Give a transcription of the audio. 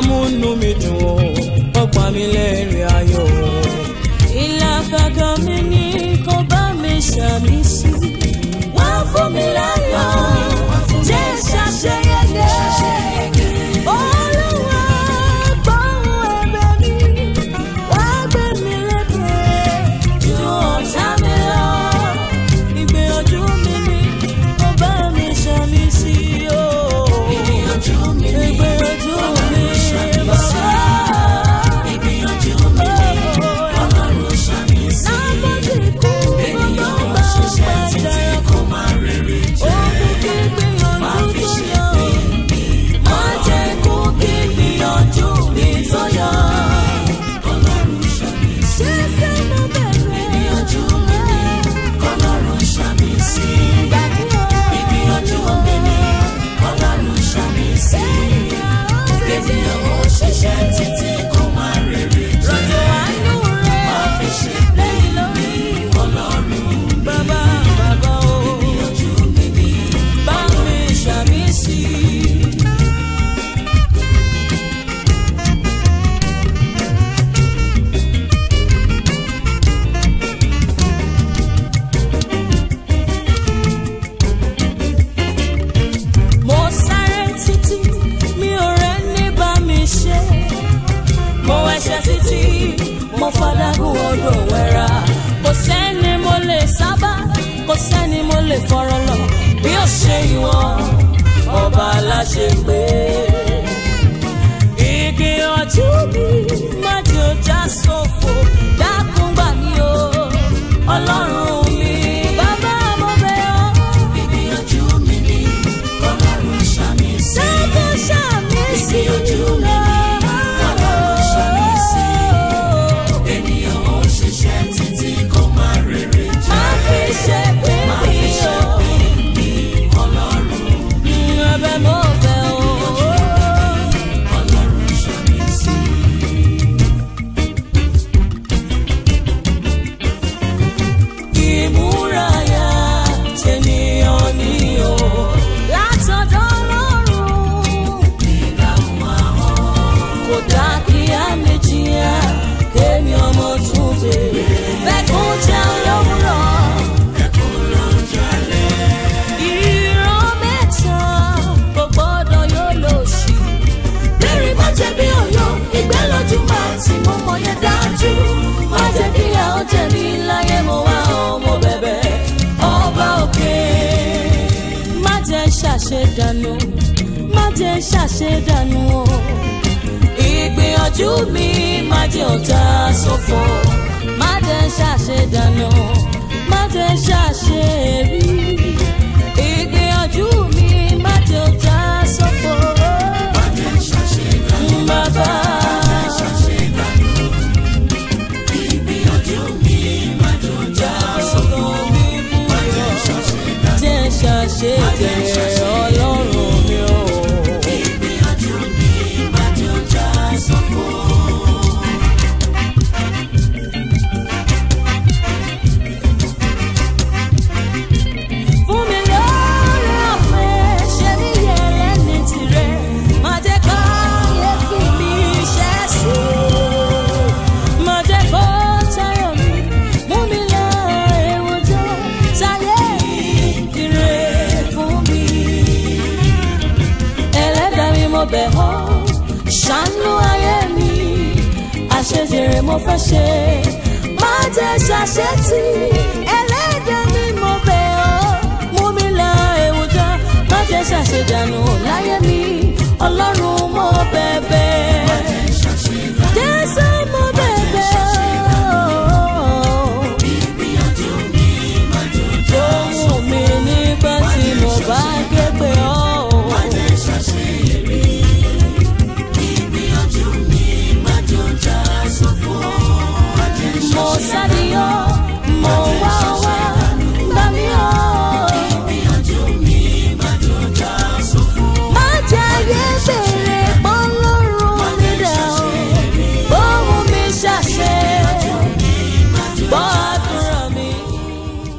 amúnú mi dùn ó ọgbà mi lẹ́rìn ayọ̀. ìlà mi ni kò bá mi ṣàmì sí wá fún mi láyé. odò wẹ̀rà kò sẹ́ni mo lè sábà kò sẹ́ni mo lè fọ̀rọ̀ lọ bí ó ṣe ìwọ ọba aláṣẹ gbé. igi ọ̀tún mi má jò já sófo. ṣàṣedànù má jẹ́ ṣàṣedànù o ìgbìyànjú mi má jẹ́ ọ̀tá ṣòfò má jẹ́ ṣàṣedànù má jẹ́ ṣàṣedànù. nínú ayé mi àṣejèrè mo fẹ́ ṣe má jẹ́ ṣàṣetì ẹlẹ́dẹ̀ mi mo bẹ̀ ọ́ mú mi la ewu má jẹ́ ṣàṣedànù.